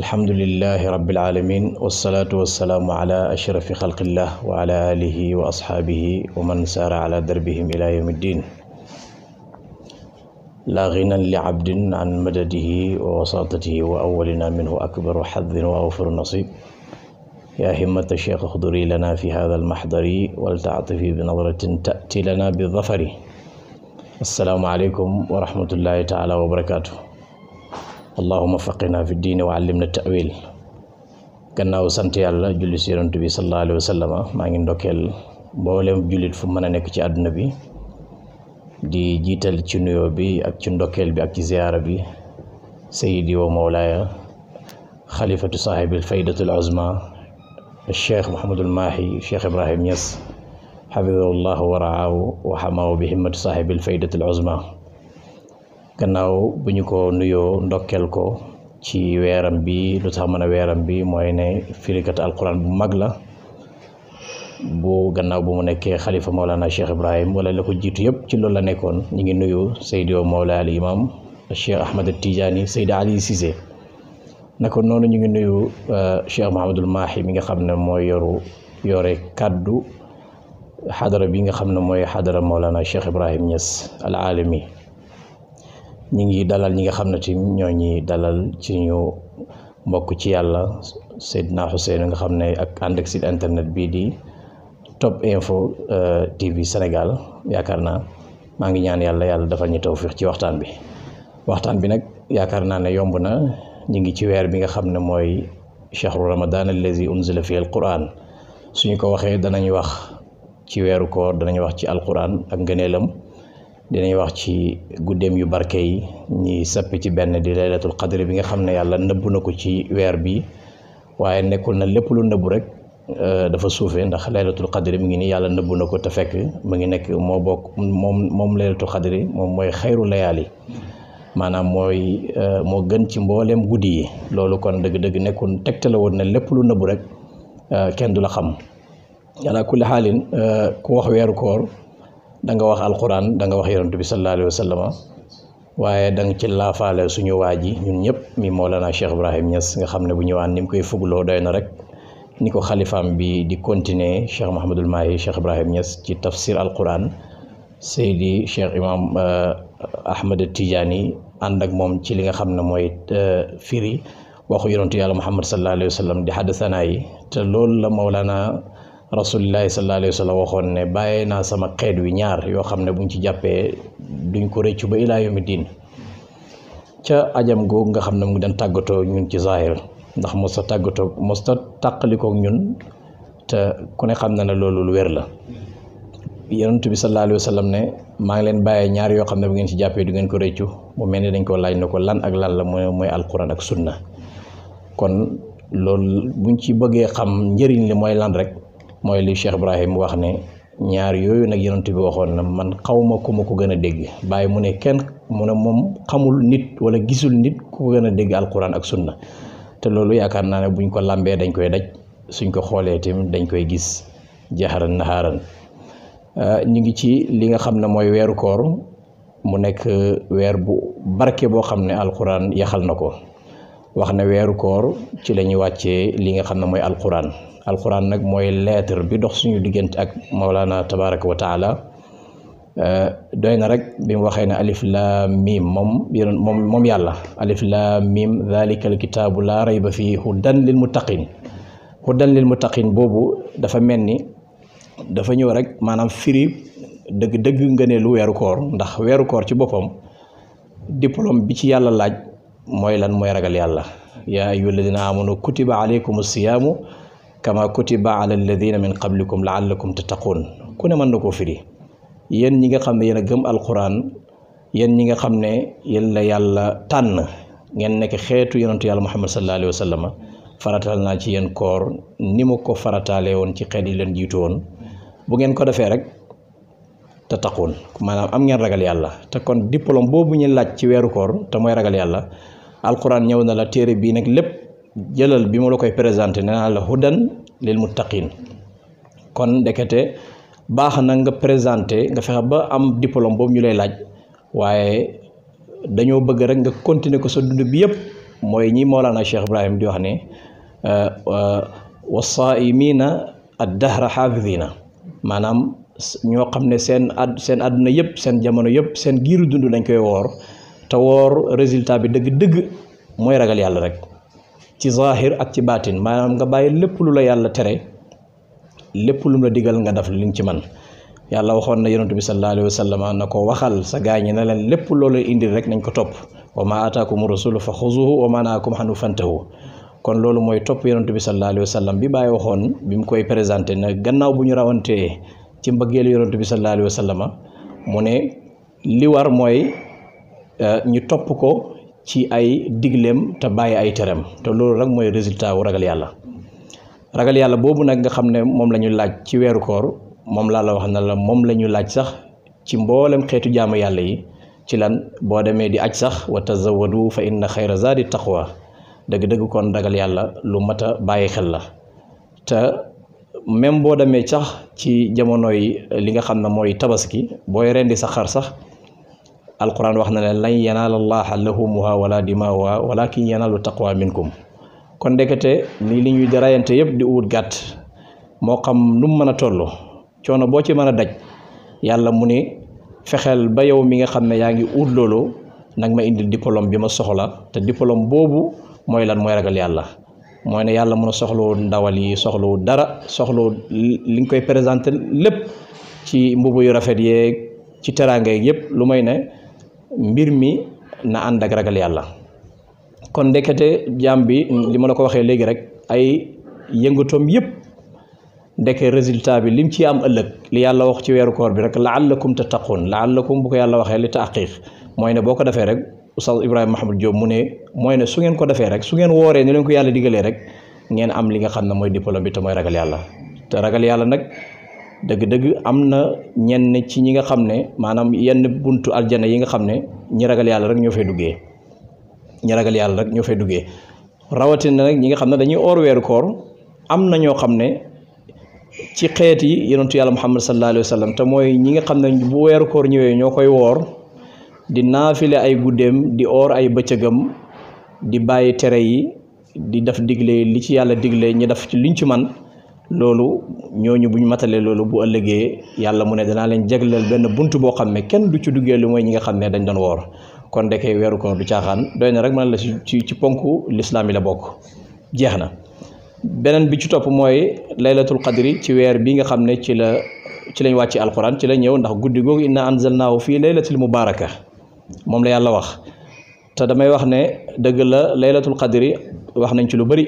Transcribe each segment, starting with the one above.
الحمد لله رب العالمين والصلاة والسلام على أشرف خلق الله وعلى آله وأصحابه ومن سار على دربهم إلى يوم الدين لا غنى لعبد عن مدده ووساطته وأولنا منه أكبر حظ وأوفر نصيب يا همة الشيخ اخضري لنا في هذا المحضر ولتعطفي بنظرة تأتي لنا بالظفر السلام عليكم ورحمة الله تعالى وبركاته اللهم فقنا في الدين وعلمنا التأويل كناو سنت يالله جلس يرنتبي صلى الله عليه وسلم ما عند دكيل بولم جلد فمن أنا كتير أدنى بي دي جيتال تشنو بي أكتشن دكيل بي أكتشيار بي سيدي ومولاي خليفة صاحب الفائدة العظمى الشيخ محمد الماحي الشيخ إبراهيم يس حفظه الله ورعاه وحماه بهمة صاحب الفائدة العظمى gannaaw bu ñu ko nuyoo ndokkeel ko ci weeram bi lu tax mën a weeram bi mooy ne firikat alquran bu mag la bu gannaaw bu mu nekkee xalifa Mawlana Cheikh Ibrahim wala la ko jiitu yëpp ci loolu la nekkoon ñu ngi nuyu Seydi Mawla al imam Cheikh Ahmad Tidiane Seydi Ali Cissé naka noonu ñu ngi nuyu euh, Cheikh Mahamadul Mahi mi nga xam ne mooy yoru yore kàddu xadara bi nga xam ne mooy xadara Mawlana Cheikh Ibrahim Niass al alami ñu ngi dalal ñi nga xam ne ci ñoo ñi dalal ci ñu mbokk ci yàlla Seydina Hussein nga xam ne ak ànd ak internet bii di Top Info euh, TV Sénégal yaakaar naa maa ngi ñaan yàlla yàlla defal ñu tawfiix ci waxtaan bi waxtaan bi nag yaakaar naa ne yomb na ñu ngi ci weer bi nga xam ne mooy chahru ramadan allazi unzila fi al quran ñu ko waxee danañ wax ci weeru koor danañu wax ci alquran ak ngeneelam dinañ wax ci guddeem yu barke yi ñuy sappi ci benn di laylatul qadri bi nga xam ne yàlla nëbb na ko ci weer bi waaye nekkul na lépp lu nëbb rek euh, dafa suufee ndax laylatul qadri mi ngi nii yàlla nëbb na ko te fekk mu ngi nekk moo bokk moom moom laylatul xadri moom mooy xayru layaali maanaam mooy euh, moo gën ci mbooleem guddi yi loolu kon dëgg-dëgg nekkul tegtale woon na lépp lu nëbb rek euh, kenn du la xam yàlla kulli xaalin ku wax weeru koor da nga wax alquran da nga wax yonent bi sallallahu alayhi wa sallama waaye da nga ci laafaale suñu waa ji ñun ñëpp mi Mawlana Cheikh Ibrahim Niass nga xam ne bu ñëwaan ni mu koy fugloo doy na rek ni ko xalifaam bi di continuer Cheikh Mahamadul Mahi Cheikh Ibrahim Niass ci tafsir alquran Seydi Cheikh Imam eh, Ahmad Tidiane ànd ak moom ci li nga xam ne mooy eh, firi waxu yonentu yàlla Muhammad sallallahu alayhi wa sallam di xaddasanaa yi te loolu la Mawlana rasulillahi sallallahu alayhi wa sallam waxoon ne bàyyee naa sama xeet wi ñaar yoo xam ne bu ñu ci jàppee duñ ko rëccu ba ilaa yawmi diin ca ajam googu nga xam ne mu ngi daan tàggatoo ñun ci zahir ndax mos a tàggatoo mosta a ñun te ku ne xam na loolu lu wér la yonent bi sallallahu alayhi wa sallam ne maa ngi leen bàyyee ñaar yoo xam ne bu ngeen ci jàppee du ngeen ko rëccu mu mel ni dañ koo laaj na ko lan ak lan la mooy mooy alquran ak sunna kon loolu buñ ci bëggee xam njëriñ li mooy lan rek mooy li Cheikh Ibrahim wax ne ñaar yooyu nag yonent bi waxoon na man xawma ku ma ko gën a dégg bàyyi mu ne kenn mu ne moom xamul nit wala gisul nit ku ko gën a dégg alquran ak sunna te loolu yaakaar naa ne buñ ko làmbee dañ koy daj suñ ko xoolee tamit dañ koy gis jaxaran naxaaran euh, ñu ngi ci li nga xam ne mooy weeru koor mu nekk euh, weer bu barke boo xam ne alquran yaxal na ko waxna na weeru koor ci lañu wàcce li nga xam ne mooy alquran alquran nag mooy lettre bi dox suñu diggante ak Mawlana tabaraka wa taala doy na rek bi mu waxee ne alif lam mim mom mom mom yàlla alif lam mim dalika alkitabu la rayba fi hudan lil muttaqin hudan lil muttaqin boobu dafa melni dafa ñëw rek manam firi deug deug ngeene lu wéru koor ndax wéru koor ci bopam diplôme bi ci yàlla laaj. mooy lan mooy ragal yàlla yaa ayyuha alladina amanu kutiba alaykum siyaamu kama kutiba ala alladina min qablikum laallakum tattaquun ku ne man na koo firi yéen ñi nga xam ne yéen a gëm alquran yéen ñi nga xam ne yéen la yàlla tànn ngeen nekk xeetu yonentu yàlla muhammad sallallahu alayhi wa sallam faratal naa ci yéen koor ni ma ko farataale woon ci xeet yi leen jiitu woon bu ngeen ko defee rek te taxoon maanaam am ngeen ragal yàlla te kon diplôme boobu ñu laaj ci weeru koor te mooy ragal yàlla alquran ñëw na la téere bii nag lépp jëlal bi ma la koy présenté nee naa la hudan lil muttaqin kon ndekete baax na nga présenté nga fexe ba am diplôme boobu ñu lay laaj waaye dañoo bëgg rek nga continuer ko sa dund bi yëpp mooy ñii ñi Mawlana Cheikh Ibrahim di wax ne wasaimina ad dahra xaafidina maanaam ñoo xam ne seen ad seen àdduna yëpp seen jamono yëpp seen giiru dund lañ koy woor te woor résultat bi dëgg-dëgg mooy ragal yàlla rek ci zahir ak ci baatin maanaam nga bàyyi lépp lu la yàlla tere lépp lu la digal nga def li nga ci man yàlla waxoon na yonent bi sallallahu alayhi wa sallam na ko waxal sa gaa ñi ne leen lépp loolu indi rek nañ ko topp wa ma ataakum rasulu fa xuzuhu wa ma naakum xanu fantahu kon loolu mooy topp yonent bi sa alayhi wa bi bàyyi waxoon bi koy présenté na gannaaw bu ñu rawantee ci mbëggeelu yonent bi sallallahu alayhi wa sallam mu ne li war mooy e, ñu topp ko ci ay digleem te bàyyi ay tereem te loolu rek mooy résultat wu ragal yàlla ragal yàlla boobu nag nga xam ne moom la ñu laaj ci weeru koor moom laa la wax na la moom la ñu laaj sax ci mboolem xeetu jaamu yàlla yi ci lan boo demee di aj sax wa tazawadu fa inna xayra zaadi taqwa dëgg-dëgg kon ragal yàlla lu mat a bàyyi xel la te même boo demee sax ci jamono yi euh, li nga xam ne mooy tabaski booy rendi sa xar sax alquran wax na leen ne lan yanaala llaaha luhuumuhaa ki dimaa'uhaa lu yanaalu taqwa minkum kon ndekete ni li ñuy rayante yëpp di uut gàtt moo xam nu mu mën a toll coono boo ci mën a daj yàlla mu ni fexeel ba yow mi nga xam ne yaa ngi uut loolu nag ma indil diplôme bi ma soxla te diplôme boobu mooy lan mooy ragal yàlla mooy ne yàlla mën a soxlawul ndawal yi soxlawul dara soxlawul li nga koy présenté lépp ci mbubu yu rafet yeeg ci teraanga yeeg yëpp lu may ne mbir mi na ànd ak ragal yàlla kon ndekete jaam bi li ma la ko waxee léegi rek ay yëngatoom yëpp ndeke résultat bi lim ci am ëllëg li yàlla wax ci weeru koor bi rek laallakum tattaqun laallakum bu ko yàlla waxee li taqiq mooy ne boo ko defee rek Oustaz Ibrahima Mahamed Diop mu ne mooy ne su ngeen ko defee rek su ngeen wooree ni leen ko yàlla digalee rek ngeen am li nga xam ne mooy diplôme bi te mooy ragal yàlla te ragal yàlla nag dëgg am na ñenn ci ñi nga xam ne maanaam yenn buntu aljana yi nga xam ne ñi ragal yàlla rek ñoo fay duggee ñi ragal yàlla rek ñoo fay duggee rawatina nag ñi nga xam ne dañuy oor weeru koor am na ñoo xam ne ci xeet yi yonentu yàlla Muhammad sallallahu alayhi wa sallam te mooy ñi nga xam ne bu weeru koor ñëwee ñoo koy woor di naafile ay guddeem di oor ay bëccëgam di bàyyi tere yi di def digle li ci yàlla digle ñu def ci liñ ci man loolu ñoo ñu bu ñu matalee loolu bu ëllëgee yàlla mu ne danaa leen jagleel benn bunt boo xam ne kenn du ci duggee lu mooy ñi nga xam ne dañ doon woor kon dekee weeru koor du caaxaan doy na rek man la ci ci ponk lislaam yi la bokk jeex na beneen bi ci topp mooy laylatul qadri ci weer bi nga xam ne ci la ci lañ wàcc alquran ci la ñëw ndax guddi googu inna anzalnaahu fii laylatil mubaraka moom la yàlla wax te damay wax ne dëgg la laylatul qadri wax nañ ci lu bari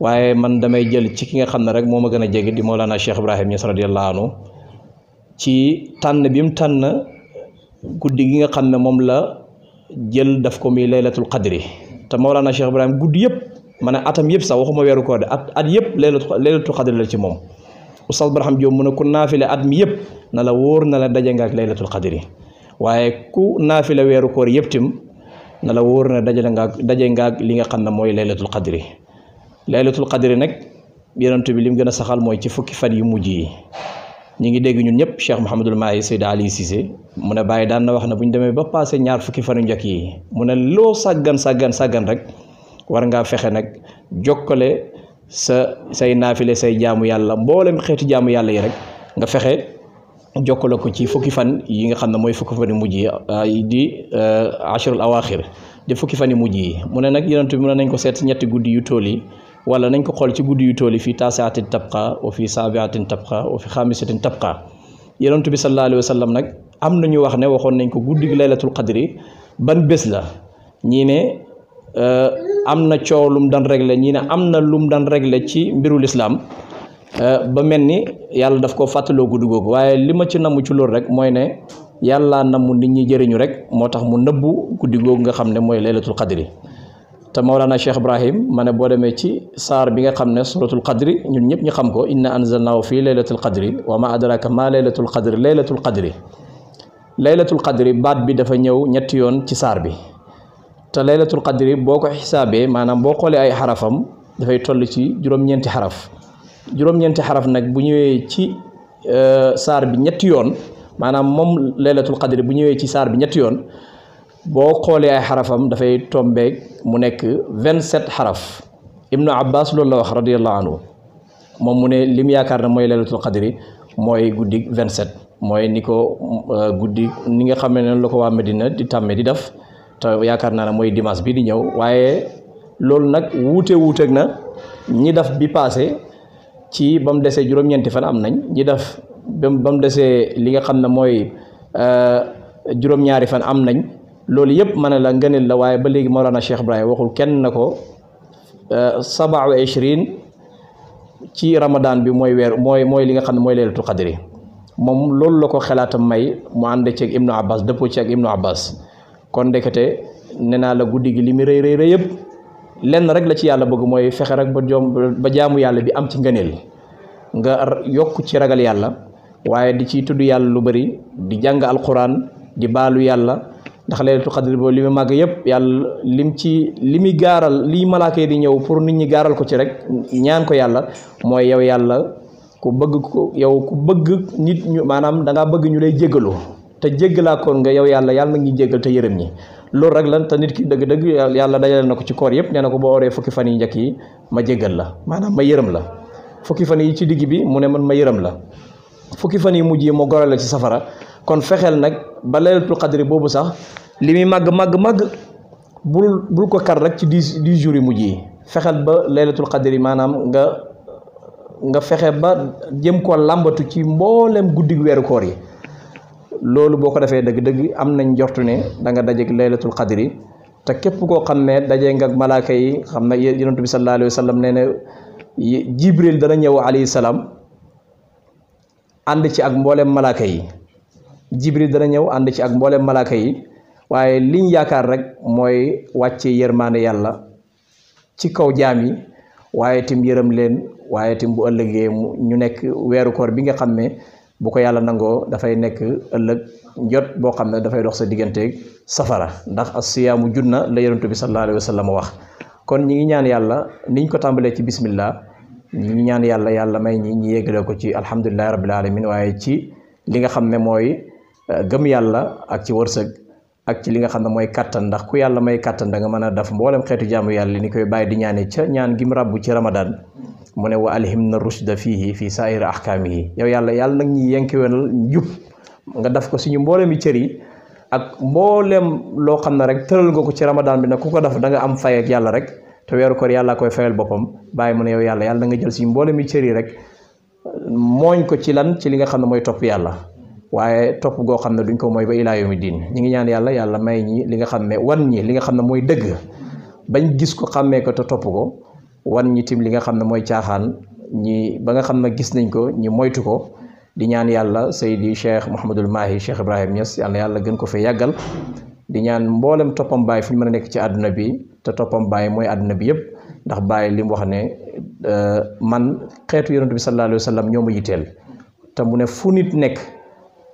waaye man damay jël ci ki nga xam ne rek moo ma gën a jege di Mawlana Cheikh Ibrahim Niass radiyallahu anhu ci tànn bi mu tànn guddi gi nga xam ne moom la jël daf ko muy laylatul qadri te Mawlana Cheikh Ibrahim guddi yëpp ma ne atam yëpp sax waxuma weeru koor de at at yëpp laylatul laylatul qadri la ci moom Oustaz Barham Diop mu ne ku naafile at mi yëpp na la wóor na la daje nga ak laylatul qadri waaye ku la weeru koor yëpp tim na la wóor na dajale ngaag daje ngaag li nga xam ne mooy laylatul qadri laylatul qadri nag yonent bi li mu gën a saxaal mooy ci fukki fan yu mujj yi ñu ngi dégg ñun ñëpp Cheikh Mouhamadul Mahi Seyda Ali mu ne bàyyi daan na wax na bu ñu demee ba passé ñaar fukki fan yu njëkk yi mu ne loo sàggan sàggan sàggan rek war ngaa fexe nag jokkale sa say naafile say jaamu yàlla mboolem xeeti jaamu yàlla yi rek jokkale ko ci fukki fan yi nga xam ne mooy fukki fan yu mujj yi di euh, ashrul awaaxir di fukki fan yi mujj yi mu ne nag yonent bi mu ne nañ ko seet ñetti guddi yu tool yi wala nañ ko xool ci guddi yu tool yi fii taasiatin tabqa wa fii saabiatin tabqa wa fii xaamisatin tabqa yonent bi sallallahu alayhi wa nag am na ñu wax ne waxoon nañ ko guddi gi laylatul qadri ban bés la ñii ne euh, am na coow lum daan réglé ñii ne am na lum daan réglé ci mbiru lislaam Euh, ba mel ni yàlla daf ko fàttaloo guddi googu waaye li ma ci namm ci loolu rek mooy ne yàlla namm nit ñi jëriñu rek moo tax mu nëbbu guddi googu nga xam ne mooy laylatul qadri te moo Mawlana Cheikh Ibrahim ma ne boo demee ci saar bi nga xam ne suratul kadri ñun ñëpp ñu xam ko inna anzalnaahu fii laylatul qadri wa ma adraka ma laylatul qadri laylatul qadri laylatul qadri baat bi dafa ñëw ñetti yoon ci saar bi te laylatul qadri boo ko xisaabee maanaam boo xoolee ay xarafam dafay toll ci juróom xaraf juróom-ñeenti xaraf nag bu ñëwee ci euh, saar bi ñetti yoon maanaam moom laylatul qadri bu ñëwee ci saar bi ñetti yoon boo xoolee ay xarafam dafay tombeeg mu nekk vingt-sept xaraf ibnu abbas loolu la wax radiallahu moom mu ne lim yaakaar na mooy laylatul qadri mooy guddi vingt-sept mooy ni ko euh, guddi ni nga xam ne noonu la ko waa di tàmmee di def yaakaar naa ne mooy dimanche bi di ñëw waaye nag wuute wuuteeg na ñi daf bi passé ci ba mu desee juróom-ñeenti fan am nañ ñi def ba mu desee li nga xam ne mooy euh, juróom-ñaari fan am nañ loolu yëpp mën la ngëneel la waaye ba léegi Mawlana Cheikh Ibrahima waxul kenn na ko euh, saba wa ishrin ci Ramadan bi mooy weer mooy mooy li nga xam ne mooy leelatu xadri moom loolu la ko xelaatam may mu ànd ci ak Ibnu Abbas dëppoo ci ak Ibnu Abbas kon ndekete nee naa la guddi gi li mu rëy rëy rëy yëpp. lenn rek la ci yàlla bëgg mooy fexe rek ba jom ba jaamu yàlla bi am ci ngëneel nga yokk ci ragal yàlla waaye di ci tudd yàlla lu bari di jàng alquran di baalu yàlla ndax leelatu xadri boobu li mu màgg yëpp yàlla lim ci li muy gaaral lii malaaka yi di ñëw pour nit ñi gaaral ko ci rek ñaan ko yàlla mooy yow yàlla ku bëgg ko yow ku bëgg nit ñu maanaam danga bëgg ñu lay jéggalu te jéggalaakoon nga yow yàlla yàlla na ngi jéggal te yërëm ñi loolu rek lan te nit ki dëgg-dëgg yàlla dajale na ko ci koor yëpp nee na ko boo waree fukki fan yi njëkk yi ma jéggal la maanaam ma yërëm la fukki fan yi ci digg bi mu ne man ma yërëm la fukki fan yi mujj yi ma gore la ci safara kon fexeel nag ba laylatul qadri boobu sax li muy màgg màgg màgg bul bul ko kar rek ci dix dix jours yi mujj yi fexeel ba laylatul qadri maanaam nga nga fexe ba jëm koo làmbatu ci mboolem guddi weeru koor yi loolu boo ko defee dëgg-dëgg am nañ jortu ne danga nga dajeeg laylatul te képp koo xam ne dajee nga ak malaaka yi xam na yonent bi sallallahu alayhi wa sallam nee na jibril dana ñëw alayhi salaam ànd ci ak mboolem malaaka yi jibril dana ñëw ànd ci ak mboolem malaaka yi waaye liñ yaakaar rek mooy wàcce yërmaande yàlla ci kaw jaam yi waaye tim yërëm leen waaye tim bu ëllëgee mu ñu nekk weeru koor bi nga xam mee bu ko yàlla nangoo dafay nekk ëllëg jot boo xam ne dafay dox sa digganteeg safara ndax asiyaamu junna la yonent bi sallallahu alayhi wa sallam wax kon ñi ngi ñaan yàlla niñ ko tàmbalee ci bismillah ñi ñaan yàlla yàlla may ñi ñi yéggale ko ci alhamdulillahi rabbil alamin waaye ci li nga xam ne mooy eh, gëm yàlla ak ci wërsëg ak ci li nga xamne moy katan kattan ndax ku yalla may kattan da nga meuna daf mbolam xetu jamu yalla ni koy baye di ñaané ci ñaan gi mu rabbu ci ramadan muné ne wa alhimna rushda fihi fi sair akami. yow yalla yalla nak ñi yenké wenal ñub nga daf ko suñu mbolam yi cër ak mbolam lo xamne rek teural nga ko ci ramadan bi nak ku ko daf da nga am fay ak yalla rek te wéru ko yalla koy fayal bopam baye muné ne yow yalla yalla nga jël suñu mbolam yi rek moñ ko ci lan ci li nga xamne moy top yalla waaye topp goo xam ne duñ ko mooy ba ilaa yawmi diin ñi ngi ñaan yàlla yàlla may ñi li nga xam ne wan ñi li nga xam ne mooy dëgg bañ gis ko xàmmee ko te topp ko wan ñi tim li nga xam ne mooy caaxaan ñi ba nga xam ne gis nañ ko ñi moytu ko di ñaan yàlla Seydi Cheikh Mouhamadul Mahi Cheikh Ibrahim Niass yàlla yàlla gën ko fa yàggal di ñaan mboolem toppam baay fu ñu mën a nekk ci àdduna bi te toppam baay mooy àdduna bi yëpp ndax bàyyi lim mu wax ne euh, man xeetu yonent bi sallallahu alayhi ñoo ma yitteel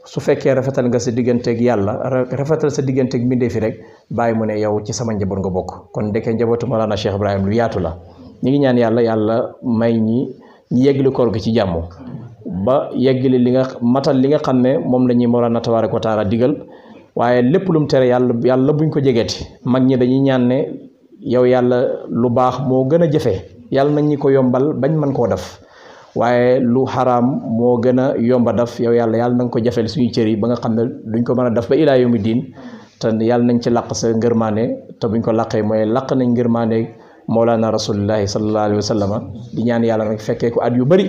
su fekkee rafetal nga sa digganteek yàlla rafetal sa digganteek mbindee fi rek bàyyi mu ne yow ci sama njaboot nga bokk kon ndeke njabootu Mawlana Cheikh Ibrahim lu yaatu la ñu ngi ñaan yàlla yàlla may ñi ñu yeggali koor ci jàmm ba yeggali li nga matal li nga xam ne moom la ñuy Mawlana tabaaraka wa taala digal waaye lépp lu tere yàlla yàlla buñ ko jegee jegeeti mag ñi dañuy ñaan ne yow yàlla lu baax moo gën a jafe yàlla nañ ñi ko yombal bañ mën koo def waaye lu xaraam moo gën a yomba daf yow yàlla yàlla na nga ko jafel suñu cër yi ba nga xam ne duñ ko mën a daf ba ilaa yawmi diin te yàlla nañ ci làq sa ngërmaane te buñ ko làqee mooy làq nañ ngërmaane moolaana rasulillahi sallallahu alayhi wa sallam di ñaan yàlla nag fekkee ko at yu bëri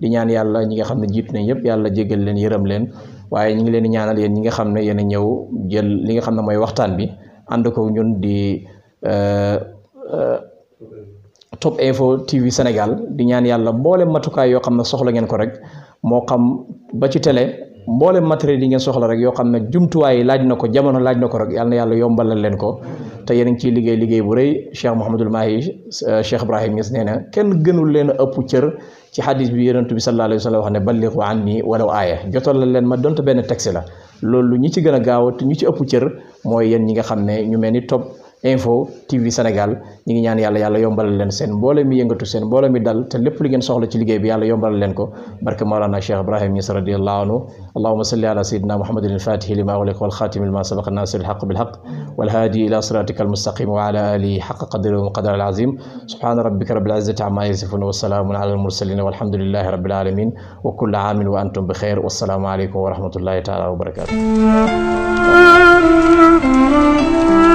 di ñaan yàlla ñi nga xam ne jiitu nañ yëpp yàlla jégal leen yërëm leen waaye ñu ngi leen di ñaanal yéen ñi nga xam ne yéen a ñëw jël li nga xam ne mooy waxtaan bi ànd ko ñun di euh, euh, Top Info TV Sénégal di ñaan yàlla mboolem matukaay yoo xam ne soxla ngeen ko rek moo xam ba ci télé mboole matériel yi ngeen soxla rek yoo xam ne jumtuwaay yi laaj na ko jamono laaj na ko rek yàlla na yàlla yombalal leen ko te yéen a ciy liggéey liggéey bu rëy Cheikh Mouhamadul Mahi euh, Cheikh Ibrahim Niass nee kenn gënul leen ëpp cër ci xadis bi yonent bi sallallahu alayhi wa sallam wax ne balliqu anni walaw aaya jotal la leen ma donte benn texte la loolu ñi ci gën a gaaw te ci ëpp c mooy yéen ñi nga xam ne ñu mel ni Top info TV Sénégal ñi ngi ñaan yàlla yàlla yombalal leen seen mboole mi yëngatu seen mboole mi dal te lépp li ngeen soxla ci liggéey yombalal leen ko barke Mawlana Cheikh Ibrahim Niass radiallahu anhu allahuma salli ala sayidina muhammadin alfatihi lima uliq walxatimi lima sabaqa nasir alxaq bilxaq walhaadi ila siratika almustaqim wa ala alihi alamin wa kullu aamin wa antum bi xeyr wassalaamu aleykum wa rahmatullahi taala wa barakatuh